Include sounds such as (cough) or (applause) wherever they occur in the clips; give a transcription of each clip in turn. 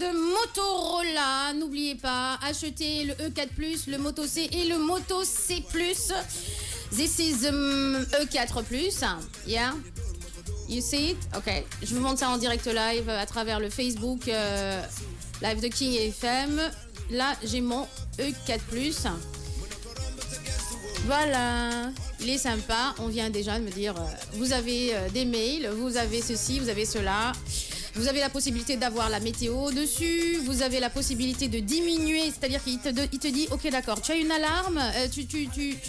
de Motorola. N'oubliez pas, achetez le E4+, plus le Moto C et le Moto C+. This is 6 um, E4+. Yeah You see it? Ok. Je vous montre ça en direct live à travers le Facebook euh, live de King FM. Là, j'ai mon E4+. plus Voilà, il est sympa. On vient déjà de me dire, euh, vous avez euh, des mails, vous avez ceci, vous avez cela. Vous avez la possibilité d'avoir la météo dessus. Vous avez la possibilité de diminuer. C'est-à-dire qu'il te, dit, OK, d'accord, tu as une alarme. Euh, tu,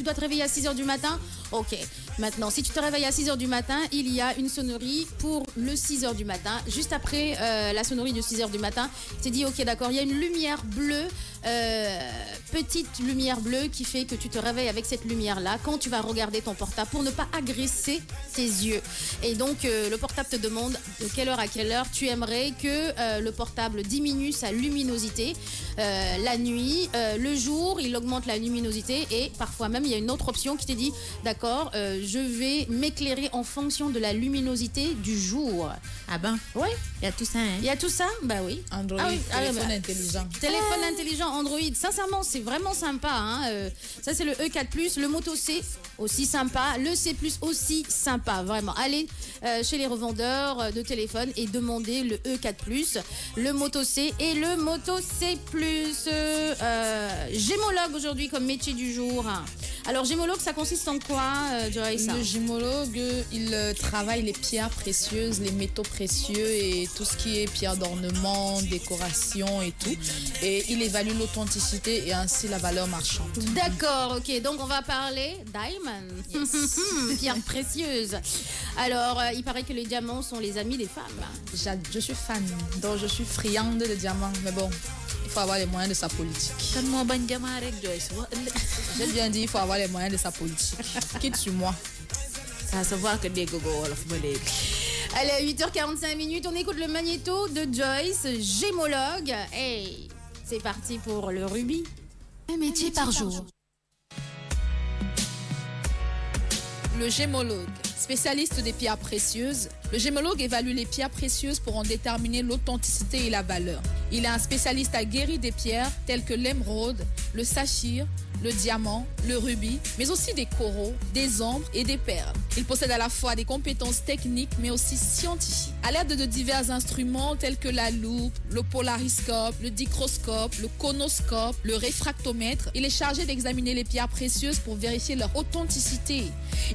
dois te réveiller à 6 heures du matin. OK. Maintenant, si tu te réveilles à 6 heures du matin, il y a une sonnerie pour le 6 heures du matin. Juste après euh, la sonnerie de 6 heures du matin, C'est dit, OK, d'accord, il y a une lumière bleue. Euh, petite lumière bleue qui fait que tu te réveilles avec cette lumière-là quand tu vas regarder ton portable pour ne pas agresser tes yeux. Et donc, euh, le portable te demande de quelle heure à quelle heure tu aimerais que euh, le portable diminue sa luminosité la nuit, le jour, il augmente la luminosité et parfois même, il y a une autre option qui te dit, d'accord, je vais m'éclairer en fonction de la luminosité du jour. Ah ben Oui. Il y a tout ça, hein Il y a tout ça Bah oui. Android, ah ah téléphone bah, intelligent. Téléphone intelligent Android. Sincèrement, c'est vraiment sympa. Hein, euh. ça, c'est le E4 Le Moto C, aussi sympa. Le C aussi sympa. Vraiment. Allez euh, chez les revendeurs euh, de téléphone et demandez le E4 le Moto C et le Moto C Plus. Euh, gémologue aujourd'hui comme métier du jour. Alors, gémologue, ça consiste en quoi, euh, Joyce Le gémologue, il euh, travaille les pierres précieuses, les métaux précieux et tout ce qui est pierre d'ornement, décoration et tout. Et il évalue l'authenticité et ainsi la valeur marchande. D'accord, ok. Donc, on va parler diamond, yes. (laughs) pierres précieuses. Alors, euh, il paraît que les diamants sont les amis des femmes. Je suis fan, donc je suis friande de diamants. Mais bon, faut avoir les moyens de sa politique. J'ai bien dit, il faut avoir les moyens de sa politique. Qui sur moi. Ça se que des gogo, Allez, 8h45 minutes, on écoute le magnéto de Joyce, gémologue. Hey, c'est parti pour le rubis. Un métier, par, jour. Le gémologue, spécialiste des pierres précieuses, le gémologue évalue les pierres précieuses pour en déterminer l'authenticité et la valeur. Il est un spécialiste à guérir des pierres telles que l'émeraude, le saphir, le diamant, le rubis, mais aussi des coraux, des ombres et des perles. Il possède à la fois des compétences techniques mais aussi scientifiques. À l'aide de divers instruments tels que la loupe, le polariscope, le dicroscope, le conoscope, le réfractomètre, il est chargé d'examiner les pierres précieuses pour vérifier leur authenticité.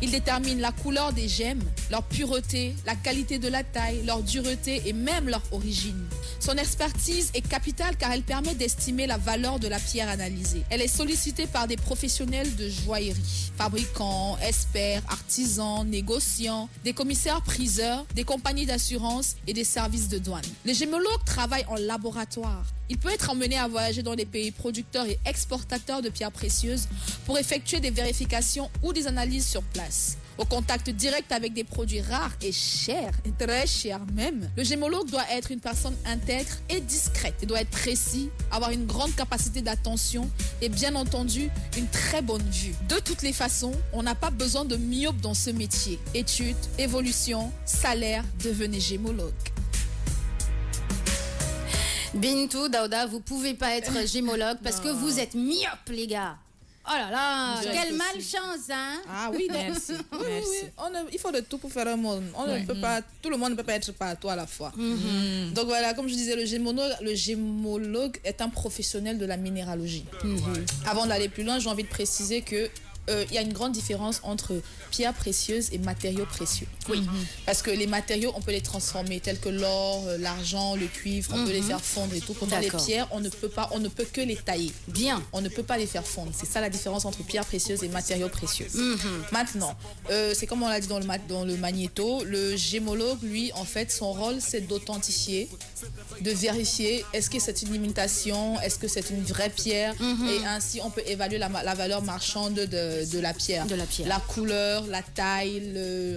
Il détermine la couleur des gemmes, leur pureté, la qualité de la taille, leur dureté et même leur origine. Son expertise est capitale car elle permet d'estimer la valeur de la pierre analysée. Elle est sollicitée par des professionnels de joaillerie, fabricants, experts, artisans, négociants, des commissaires priseurs, des compagnies d'assurance et des services de douane. Les gémologues travaillent en laboratoire. Il peut être emmené à voyager dans les pays producteurs et exportateurs de pierres précieuses pour effectuer des vérifications ou des analyses sur place au contact direct avec des produits rares et chers, et très chers même. Le gémologue doit être une personne intègre et discrète. Il doit être précis, avoir une grande capacité d'attention et bien entendu une très bonne vue. De toutes les façons, on n'a pas besoin de myope dans ce métier. Études, évolution, salaire, devenez gémologue. Bintou, Daouda, vous pouvez pas être (laughs) gémologue parce que vous êtes myope, les gars. Oh là là, quelle malchance, hein Ah oui, (laughs) merci. on il faut de tout pour faire un monde. On ne peut pas, tout le monde ne peut pas être partout à la fois. Mm-hmm. Mm-hmm. Donc voilà, comme je disais, le gémologue, le gémologue est un professionnel de la minéralogie. Mm-hmm. Avant d'aller plus loin, j'ai envie de préciser que il euh, y a une grande différence entre pierres précieuses et matériaux précieux. Oui. Mm-hmm. Parce que les matériaux, on peut les transformer, tels que l'or, euh, l'argent, le cuivre, on peut les mm-hmm. faire fondre et tout. Pour les pierres, on ne peut pas, on ne peut que les tailler. Bien. On ne peut pas les faire fondre. C'est ça la différence entre pierres précieuses et matériaux précieux. Mm-hmm. Maintenant, euh, c'est comme on l'a dit dans le, dans le magnéto, le gémologue, lui, en fait, son rôle, c'est d'authentifier, de vérifier est-ce que c'est une imitation, est-ce que c'est une vraie pierre, et ainsi on peut évaluer la valeur marchande de euh, de la pierre. la couleur, la taille,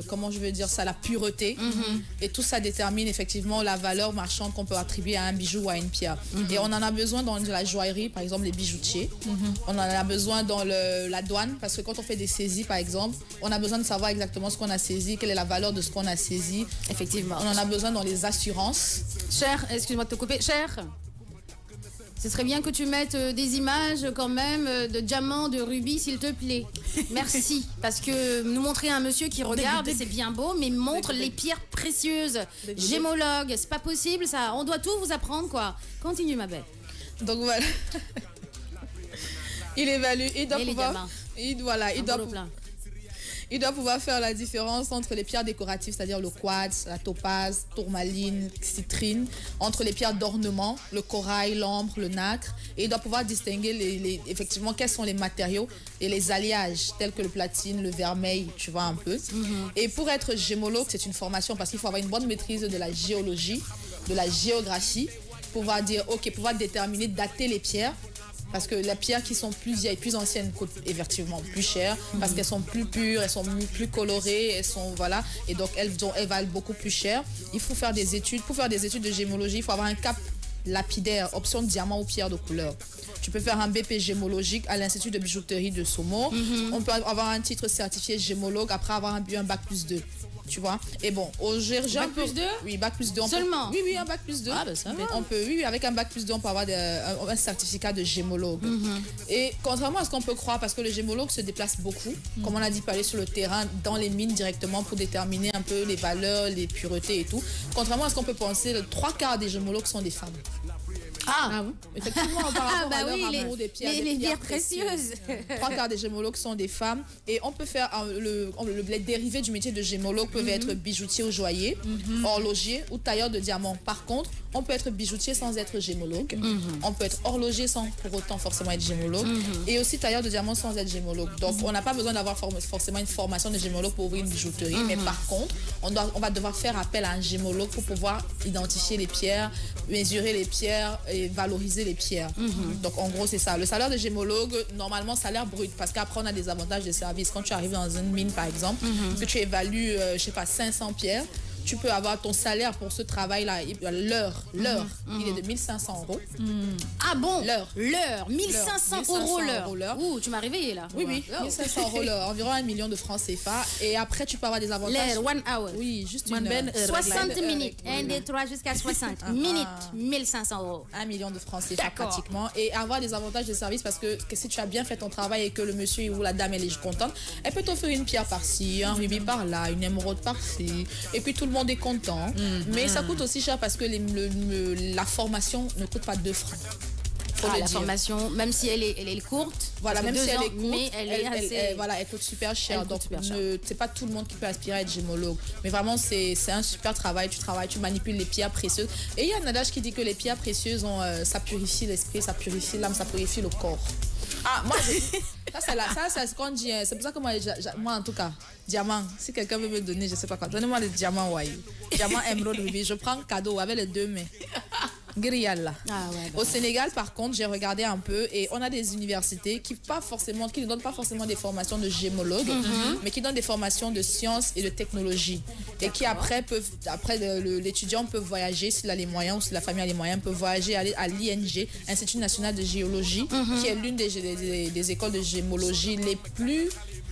comment je veux dire ça, la pureté. Mhm. Et tout ça détermine effectivement la valeur marchande qu'on peut attribuer à un bijou ou à une pierre. Mhm. Et on en a besoin dans la joaillerie, par exemple les bijoutiers. Mhm. On en a besoin dans la douane, parce que quand on fait des saisies, par exemple, on a besoin de savoir exactement ce qu'on a saisi, quelle est la valeur de ce qu'on a saisi. Effectivement. On en a besoin dans les assurances. Cher, excuse-moi de te couper. Cher. Ce serait bien que tu mettes euh, des images euh, quand même euh, de diamants, de rubis, s'il te plaît. (laughs) Merci. Parce que nous montrer un monsieur qui regarde, c'est bien beau, mais montre les pierres précieuses. Gémologue, c'est pas possible ça. On doit tout vous apprendre quoi. Continue ma belle. Donc voilà. (laughs) Il évalue, il doit Et pouvoir. Il, voilà, il doit, il doit pouvoir faire la différence entre les pierres décoratives, c'est-à-dire le quartz, la topaze, tourmaline, citrine, entre les pierres d'ornement, le corail, l'ambre, le nacre. Et il doit pouvoir distinguer effectivement quels sont les matériaux et les alliages, tels que le platine, le vermeil, tu vois un peu. Mhm. Et pour être gémologue, c'est une formation parce qu'il faut avoir une bonne maîtrise de la géologie, de la géographie, pouvoir dire, ok, pouvoir déterminer, dater les pierres parce que les pierres qui sont plus vieilles, plus anciennes coûtent effectivement plus cher parce qu'elles sont plus pures, elles sont plus colorées, elles sont voilà et donc elles, valent beaucoup plus cher. Il faut faire des études, pour faire des études de gémologie, il faut avoir un cap lapidaire, option diamant ou pierre de couleur. Tu peux faire un BP gémologique à l'Institut de bijouterie de Somo. Mhm. On peut avoir un titre certifié gémologue après avoir un, un bac plus 2 tu vois. Et bon, au Bac plus 2 Oui, bac plus 2. Seulement Oui, oui, un bac plus 2. Ah, ben, ça On peut, oui, avec un bac plus 2, on peut avoir euh, un, certificat de gémologue. Mhm. Et contrairement à ce qu'on peut croire, parce que le gémologue se déplace beaucoup, mhm. comme on a dit, pour aller sur le terrain, dans les mines directement pour déterminer un peu les valeurs, les puretés et tout. Contrairement à ce qu'on peut penser, trois quarts des gémologues sont des femmes. Ah. ah, oui. Effectivement, par ah, rapport bah amour des pierres. Les, pierres, précieuses. Euh, trois quarts des gémologues sont des femmes. Et on peut faire le, le, les dérivés du métier de gémologue peuvent mhm. être bijoutier ou joaillier, mhm. horloger ou tailleur de diamants. Par contre, on peut être bijoutier sans être gémologue. Mhm. On peut être horloger sans pour autant forcément être gémologue. Et aussi tailleur de diamants sans être gémologue. Donc, on n'a pas besoin d'avoir forcément une formation de gémologue pour ouvrir une bijouterie. Mais par contre, on, va devoir faire appel à un gémologue pour pouvoir identifier les pierres, mesurer les pierres et valoriser les pierres. Mhm. Donc en gros, c'est ça. Le salaire de gémologue, normalement, salaire brut, parce qu'après, on a des avantages de service. Quand tu arrives dans une mine, par exemple, mhm. que tu évalues, je euh, je sais pas, 500 pierres, tu peux avoir ton salaire pour ce travail-là, l'heure, mhm. l'heure, il est de 1500 mhm. euros. Mhm. Ah bon L'heure. L'heure, 1500, euros l'heure. Ouh, tu m'as réveillé là. Oui, oui, 1500 euros l'heure, (laughs) environ un million de francs CFA. Et après, tu peux avoir des avantages. L'heure, one hour. Oui, juste une heure. 60 minutes, Un des trois jusqu'à 60 minutes, 1500 euros. un million de francs CFA pratiquement. Et avoir des avantages de service parce que, si tu as bien fait ton travail et que le monsieur ou la dame elle est contente, elle peut t'offrir une pierre par-ci, un rubis par-là, une émeraude par-ci. Et puis tout le monde des contents, mm, mm. Mais ça coûte aussi cher parce que la formation ne coûte pas deux francs. Ah, la formation, même si elle est, elle est courte. Voilà, même si elle est courte, mais elle, est assez... voilà, elle coûte super cher. donc, c'est pas tout le monde qui peut aspirer à être gémologue. Mais vraiment, c'est un super travail. Tu travailles, tu manipules les pierres précieuses. Et il y a un adage qui dit que les pierres précieuses, ont, euh, ça purifie l'esprit, ça purifie l'âme, ça purifie le corps. Ah, moi, ça, c'est la... ça, c'est ce qu'on dit. C'est pour ça que moi, en tout cas, diamant, si quelqu'un veut me donner, je sais pas quoi, donnez-moi le diamant, ouais. Diamant émeraude, ruby Je prends cadeau avec les deux mains. Grial. Ah bah Au Sénégal, par contre, j'ai regardé un peu et on a des universités qui pas forcément, qui ne donnent pas forcément des formations de gémologues, mm-hmm. mais qui donnent des formations de sciences et de technologie et qui après peuvent, après l'étudiant peut voyager s'il a les moyens ou si la famille a les moyens, peut voyager aller à l'ING, Institut national de géologie, mm-hmm. qui est l'une des, des, des, écoles de gémologie les plus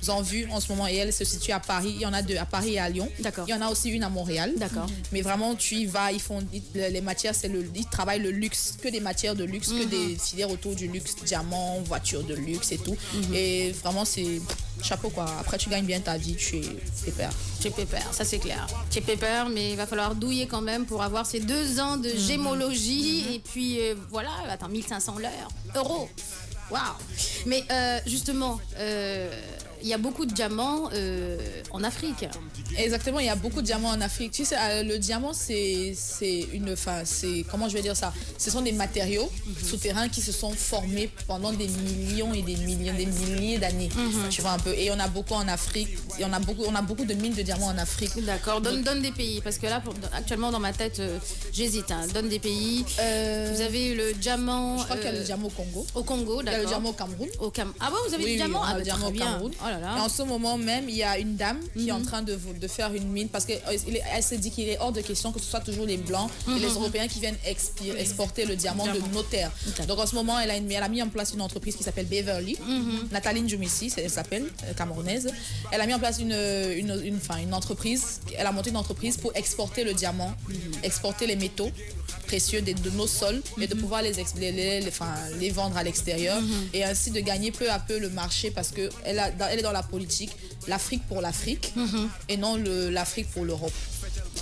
en vue en ce moment et elle se situe à Paris. Il y en a deux à Paris et à Lyon. D'accord. Il y en a aussi une à Montréal. D'accord. Mais vraiment, tu y vas, ils font les matières, c'est le, ils travaillent le luxe, que des matières de luxe, que des mm-hmm. filières autour du luxe, diamants, voitures de luxe et tout. Mm-hmm. Et vraiment, c'est chapeau quoi. Après, tu gagnes bien ta vie, tu es pépère. Tu es pépère, ça c'est clair. Tu es pépère, mais il va falloir douiller quand même pour avoir ces deux ans de mm-hmm. gémologie. Et puis euh, voilà, attends, 1500 l'heure, euros. Waouh! Mais euh, justement, euh, il y a beaucoup de diamants euh, en Afrique. Exactement, il y a beaucoup de diamants en Afrique. Tu sais, euh, le diamant, c'est une. Enfin, c'est. Comment je vais dire ça Ce sont des matériaux mhm. souterrains qui se sont formés pendant des millions et des millions, des milliers d'années. Mhm. Tu vois un peu. Et on a beaucoup en Afrique. Et on a beaucoup, on a beaucoup de mines de diamants en Afrique. D'accord, donne, donne des pays. Parce que là, actuellement, dans ma tête, euh, j'hésite. Hein. Donne des pays. vous avez le diamant. Je crois qu'il y a le diamant au Congo. Au Congo, d'accord. Il y a le diamant au Cameroun. Au Cam... Ah bon, vous avez du diamant oui, ah, le bah, diamant au Cameroun. Oh en ce moment même, il y a une dame qui est en mhm. train de, faire une mine parce qu'elle euh, s'est dit qu'il est hors de question que ce soit toujours les Blancs et les mhm. Européens qui viennent exporter le diamant, de nos terres. Donc en ce moment, elle a, une, mis en place une entreprise qui s'appelle Beverly. Mhm. Nathalie Jumissi, elle s'appelle, euh, camerounaise. Elle a mis en place une entreprise, elle a monté une entreprise pour exporter le diamant, exporter les métaux précieux de, nos sols mais de mhm. pouvoir les, vendre à l'extérieur mhm. et ainsi de gagner peu à peu le marché parce qu'elle elle est dans la politique l'Afrique pour l'Afrique mhm. et non l'Afrique pour l'Europe.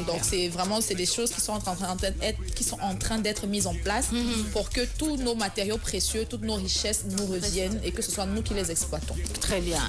Donc c'est vraiment c'est des choses qui sont en train d'être mises en place pour que tous nos matériaux précieux, toutes nos richesses nous reviennent et que ce soit nous qui les exploitons. Très bien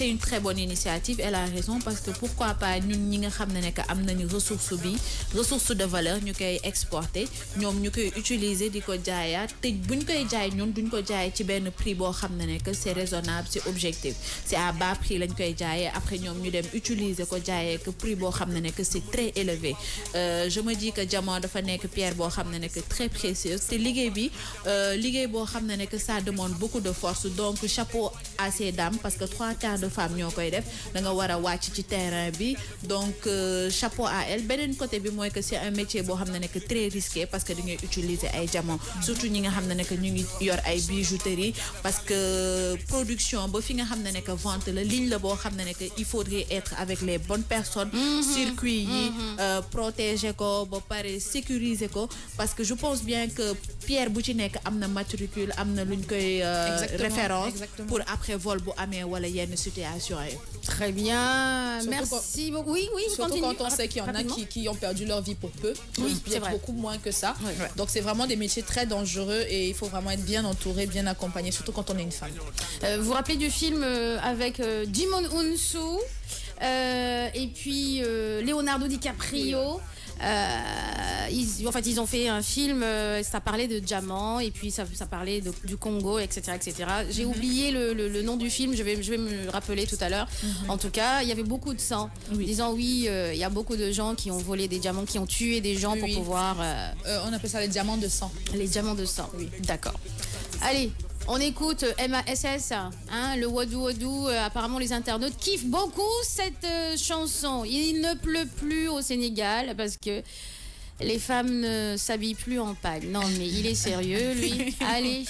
c'est une très bonne initiative elle a raison parce que pourquoi pas nous, ñi nga xam ne am nañu bi ressources de valeur nous koy exporter Nous, ñu koy utiliser di ko jaayaat te buñ koy jaay ñun duñ ko jaay ci un prix bon xam c'est raisonnable c'est objectif c'est à bas prix lañ koy jaayee après nous, nous dem utiliser ko que prix bon xam c'est très élevé euh, je me dis que diamant dafa que pierre bon xam que très précieux. C'est liggéey bi euh, liggéey boo xam ne ça demande beaucoup de force donc chapeau à ces dames parce que trois quarts de femmes ñoo koy def da nga war a wàcc ci terrain bi donc euh, chapeau à elle beneen côté bi mooy que c'est un métier boo xam ne nekk très risqué parce que dañuy utiliser ay diamant surtout ñi nga xam ne nekk ñu ngi yor ay bijouterie parce que production ba fi nga xam ne nekk vente la ligne la boo xam ne nekk il faudrait être avec les bonnes personnes mm-hmm. circuit yi mm-hmm. euh, protéger ko ba pare sécuriser ko parce que je pense bien que pierre Boutinec ci une matricule amna luñ euh, référence pour après vol bu amé wala yenn situation très bien merci beaucoup oui oui. surtout quand on sait qu'il y en a qui ont perdu leur vie pour peu. oui c'est beaucoup moins que ça. donc c'est vraiment des métiers très dangereux et il faut vraiment être bien entouré bien accompagné surtout quand on est une femme. Euh, vous vous rappelez du film euh, avec Jimon Unsu et puis Leonardo DiCaprio. Euh, en fait, ils ont fait un film, euh, ça parlait de diamants, et puis ça, ça parlait du Congo, etc. etc. J'ai mhm. oublié le, nom du film, je vais, je vais me rappeler tout à l'heure. Mhm. En tout cas, il y avait beaucoup de sang. Disant oui, euh, il y a beaucoup de gens qui ont volé des diamants, qui ont tué des gens pour pouvoir... on appelle ça les diamants de sang. Les diamants de sang, oui. D'accord. Allez, on écoute euh, MASS, hein, le wadou wadou. Euh, apparemment, les internautes kiffent beaucoup cette euh, chanson. Il ne pleut plus au Sénégal parce que les femmes ne s'habillent plus en pagne. Non, mais il est sérieux, lui. (laughs) Allez.